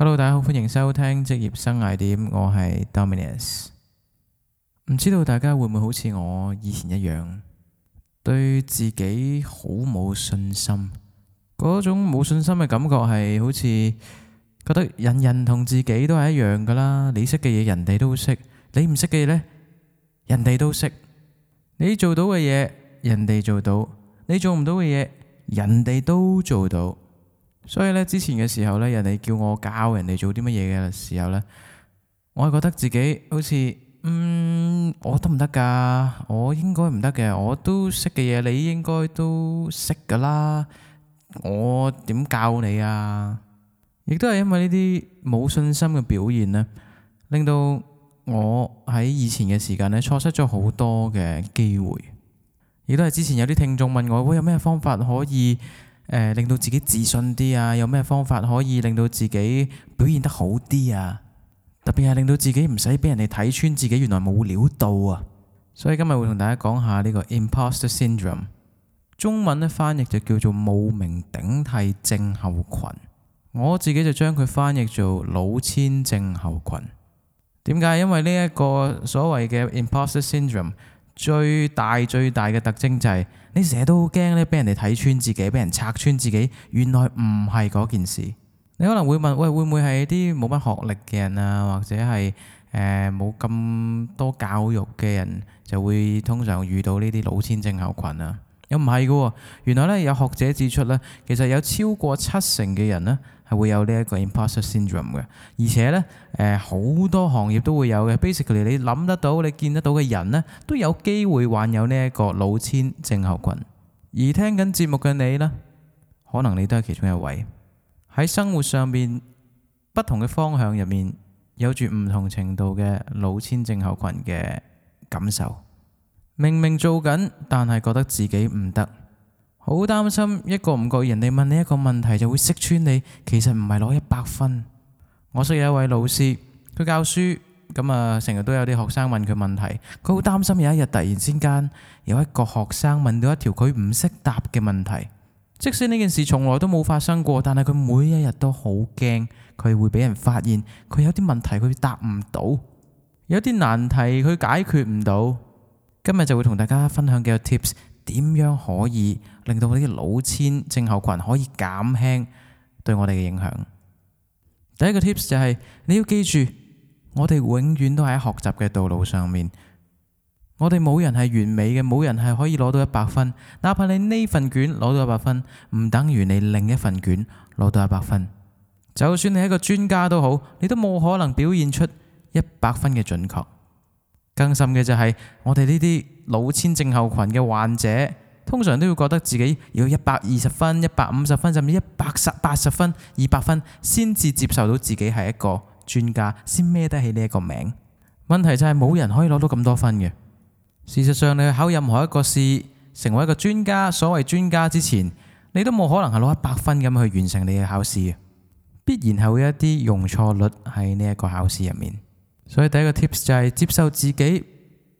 Hello，大家好，歡迎收聽職業生涯點，我係 Dominus，唔知道大家會唔會好似我以前一樣，對自己好冇信心，嗰種冇信心嘅感覺係好似覺得人人同自己都係一樣噶啦，你識嘅嘢人哋都識，你唔識嘅嘢呢，人哋都識，你做到嘅嘢人哋做到，你做唔到嘅嘢人哋都做到。所以咧，之前嘅時候咧，人哋叫我教人哋做啲乜嘢嘅時候咧，我係覺得自己好似嗯，我得唔得噶？我應該唔得嘅，我都識嘅嘢，你應該都識噶啦。我點教你啊？亦都係因為呢啲冇信心嘅表現呢，令到我喺以前嘅時間呢，錯失咗好多嘅機會。亦都係之前有啲聽眾問我，會有咩方法可以？誒，令到自己自信啲啊！有咩方法可以令到自己表現得好啲啊？特別係令到自己唔使俾人哋睇穿自己，原來冇料到啊！所以今日會同大家講下呢個 Imposter Syndrome，中文呢翻譯就叫做冒名頂替症候群。我自己就將佢翻譯做老千症候群。點解？因為呢一個所謂嘅 Imposter Syndrome。最大最大嘅特徵就係你成日都好驚咧，俾人哋睇穿自己，俾人拆穿自己。原來唔係嗰件事。你可能會問：喂，會唔會係啲冇乜學歷嘅人啊，或者係誒冇咁多教育嘅人，就會通常遇到呢啲老千症候群啊？又唔係嘅喎，原來呢，有學者指出呢，其實有超過七成嘅人呢係會有呢一個 imposter syndrome 嘅，而且呢，誒好多行業都會有嘅。 Basically 你諗得到、你見得到嘅人呢，都有機會患有呢一個老千症候群，而聽緊節目嘅你呢，可能你都係其中一位喺生活上面，不同嘅方向入面有住唔同程度嘅老千症候群嘅感受。明明做緊，但係覺得自己唔得，好擔心一個唔覺人哋問你一個問題就會識穿你。其實唔係攞一百分。我識有一位老師，佢教書咁啊，成日都有啲學生問佢問題，佢好擔心有一日突然之間有一個學生問到一條佢唔識答嘅問題。即使呢件事從來都冇發生過，但係佢每一日都好驚佢會俾人發現佢有啲問題佢答唔到，有啲難題佢解決唔到。今日就會同大家分享幾個 tips，點樣可以令到我哋嘅老千症候群可以減輕對我哋嘅影響。第一個 tips 就係，你要記住，我哋永遠都喺學習嘅道路上面，我哋冇人係完美嘅，冇人係可以攞到一百分。哪怕你呢份卷攞到一百分，唔等於你另一份卷攞到一百分。就算你係一個專家都好，你都冇可能表現出一百分嘅準確。更深嘅就係我哋呢啲老千症候群嘅患者，通常都會覺得自己要一百二十分、一百五十分，甚至一百八十分、二百分，先至接受到自己係一個專家，先孭得起呢一個名。問題就係冇人可以攞到咁多分嘅。事實上，你去考任何一個試，成為一個專家，所謂專家之前，你都冇可能係攞一百分咁去完成你嘅考試，必然係會一啲容錯率喺呢一個考試入面。所以第一個 tips 就係接受自己，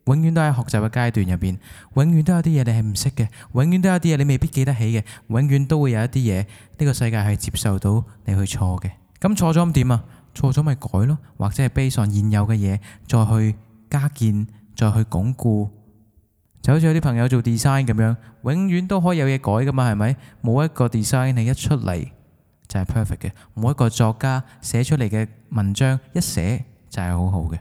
永遠都喺學習嘅階段入邊，永遠都有啲嘢你係唔識嘅，永遠都有啲嘢你未必記得起嘅，永遠都會有一啲嘢呢個世界係接受到你去錯嘅。咁錯咗咁點啊？錯咗咪改咯，或者係 based on 現有嘅嘢，再去加建，再去鞏固，就好似有啲朋友做 design 咁樣，永遠都可以有嘢改噶嘛，係咪？冇一個 design 你一出嚟就係 perfect 嘅，冇一個作家寫出嚟嘅文章一寫。就係好好嘅，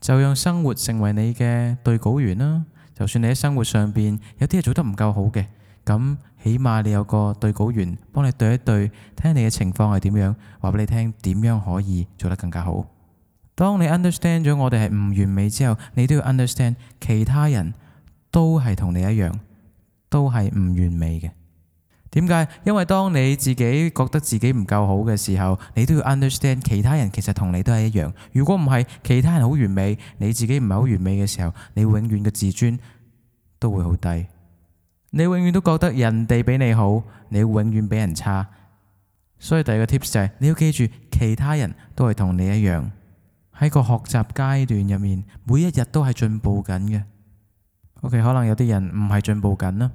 就讓生活成為你嘅對稿員啦。就算你喺生活上邊有啲嘢做得唔夠好嘅，咁起碼你有個對稿員幫你對一對，聽你嘅情況係點樣，話俾你聽點樣可以做得更加好。當你 understand 咗我哋係唔完美之後，你都要 understand 其他人都係同你一樣，都係唔完美嘅。點解？因為當你自己覺得自己唔夠好嘅時候，你都要 understand 其他人其實同你都係一樣。如果唔係，其他人好完美，你自己唔係好完美嘅時候，你永遠嘅自尊都會好低。你永遠都覺得人哋比你好，你永遠比人差。所以第二個 tips 就係，你要記住，其他人都係同你一樣。喺個學習階段入面，每一日都係進步緊嘅。OK，可能有啲人唔係進步緊啦。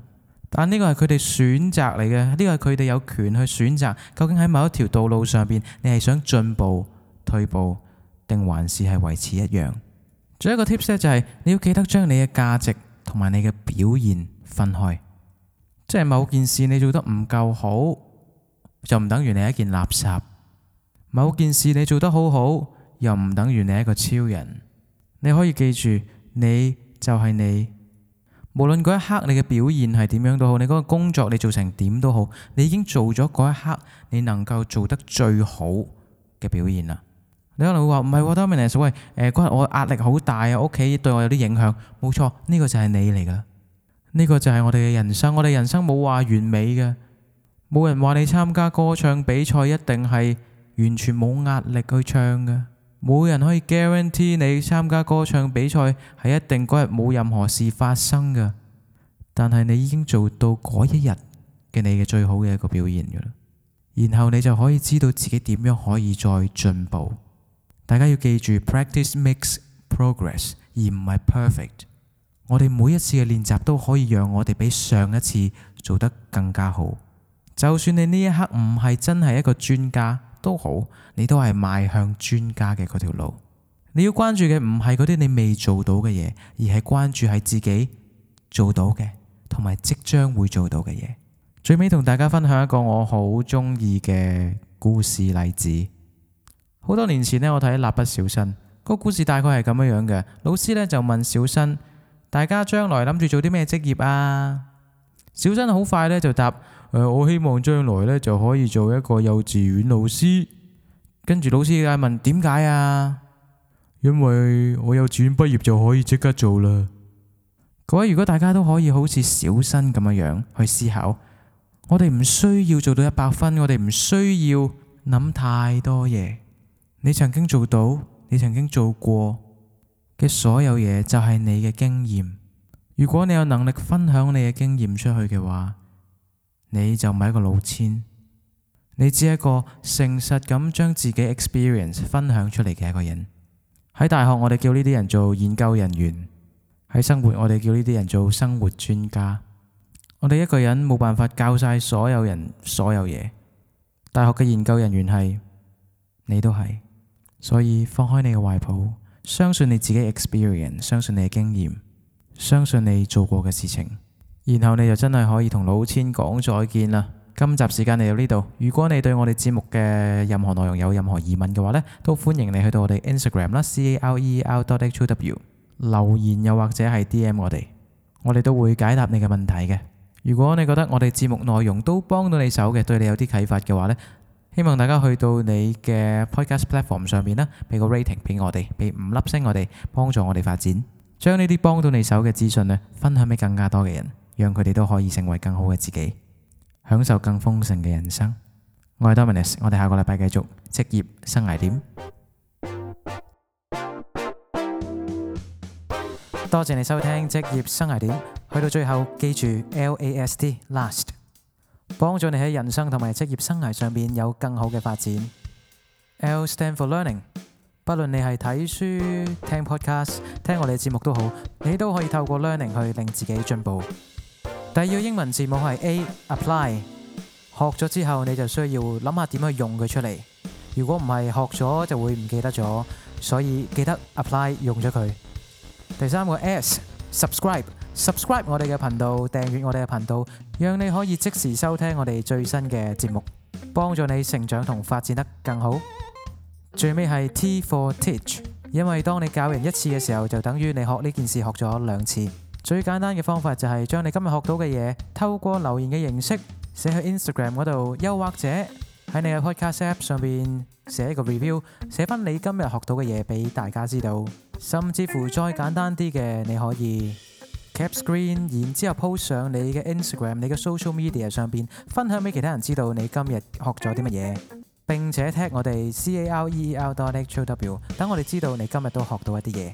但呢個係佢哋選擇嚟嘅，呢個係佢哋有權去選擇，究竟喺某一條道路上邊，你係想進步、退步，定還是係維持一樣？仲有一個 tips 咧就係、是、你要記得將你嘅價值同埋你嘅表現分開，即係某件事你做得唔夠好，就唔等於你一件垃圾；某件事你做得好好，又唔等於你一個超人。你可以記住，你就係你。無論嗰一刻你嘅表現係點樣都好，你嗰個工作你做成點都好，你已經做咗嗰一刻你能夠做得最好嘅表現啦。你可能會話唔係喎，Dominus，喂，誒，嗰日，呃、我壓力好大啊，屋企對我有啲影響。冇錯，呢個就係你嚟噶，呢個就係我哋嘅人生。我哋人生冇話完美嘅，冇人話你參加歌唱比賽一定係完全冇壓力去唱嘅。冇人可以 guarantee 你參加歌唱比賽，係一定嗰日冇任何事發生嘅，但係你已經做到嗰一日嘅你嘅最好嘅一個表現噶啦。然後你就可以知道自己點樣可以再進步。大家要記住，practice makes progress，而唔係 perfect。我哋每一次嘅練習都可以讓我哋比上一次做得更加好。就算你呢一刻唔係真係一個專家。都好，你都係邁向專家嘅嗰條路。你要關注嘅唔係嗰啲你未做到嘅嘢，而係關注係自己做到嘅，同埋即將會做到嘅嘢。最尾同大家分享一個我好中意嘅故事例子。好多年前呢，我睇《蠟筆小新》個故事，大概係咁樣樣嘅。老師呢就問小新：大家將來諗住做啲咩職業啊？小新好快呢就答。誒，我希望將來咧就可以做一個幼稚園老師。跟住老師啊，問點解啊？因為我幼稚園畢業就可以即刻做啦。各位，如果大家都可以好似小新咁樣去思考，我哋唔需要做到一百分，我哋唔需要諗太多嘢，你曾經做到，你曾經做過嘅所有嘢，就係你嘅經驗。如果你有能力分享你嘅經驗出去嘅話，你就唔係一個老千，你只係一個誠實咁將自己 experience 分享出嚟嘅一個人。喺大學我哋叫呢啲人做研究人員，喺生活我哋叫呢啲人做生活專家。我哋一個人冇辦法教晒所有人所有嘢。大學嘅研究人員係，你都係，所以放開你嘅懷抱，相信你自己 experience，相信你嘅經驗，相信你做過嘅事情。然後你就真係可以同老千講再見啦。今集時間嚟到呢度，如果你對我哋節目嘅任何內容有任何疑問嘅話咧，都歡迎你去到我哋 Instagram 啦 Career.how 留言，又或者係 D M 我哋，我哋都會解答你嘅問題嘅。如果你覺得我哋節目內容都幫到你手嘅，對你有啲啟發嘅話咧，希望大家去到你嘅 Podcast Platform 上面啦，俾個 rating 俾我哋，俾五粒星我哋，幫助我哋發展，將呢啲幫到你手嘅資訊咧，分享俾更加多嘅人。讓佢哋都可以成為更好嘅自己，享受更豐盛嘅人生。我係 Dominus，我哋下個禮拜繼續職業生涯點。多謝你收聽職業生涯點。去到最後，記住 LAST LAST，幫助你喺人生同埋職業生涯上邊有更好嘅發展。L stand for learning，不論你係睇書、聽 podcast、聽我哋嘅節目都好，你都可以透過 learning 去令自己進步。第二個英文字母係 A，apply。學咗之後，你就需要諗下點去用佢出嚟。如果唔係學咗就會唔記得咗，所以記得 apply 用咗佢。第三個 S，subscribe，subscribe 我哋嘅頻道，訂閱我哋嘅頻道，讓你可以即時收聽我哋最新嘅節目，幫助你成長同發展得更好。最尾係 T for teach，因為當你教人一次嘅時候，就等於你學呢件事學咗兩次。最簡單嘅方法就係將你今日學到嘅嘢透過留言嘅形式寫去 Instagram 嗰度，又或者喺你嘅 Podcast app 上邊寫一個 review，寫翻你今日學到嘅嘢俾大家知道。甚至乎再簡單啲嘅，你可以 cap screen，然之後 po 上你嘅 Instagram、你嘅 social media 上邊分享俾其他人知道你今日學咗啲乜嘢，並且 tag 我哋 Career.how 等我哋知道你今日都學到一啲嘢。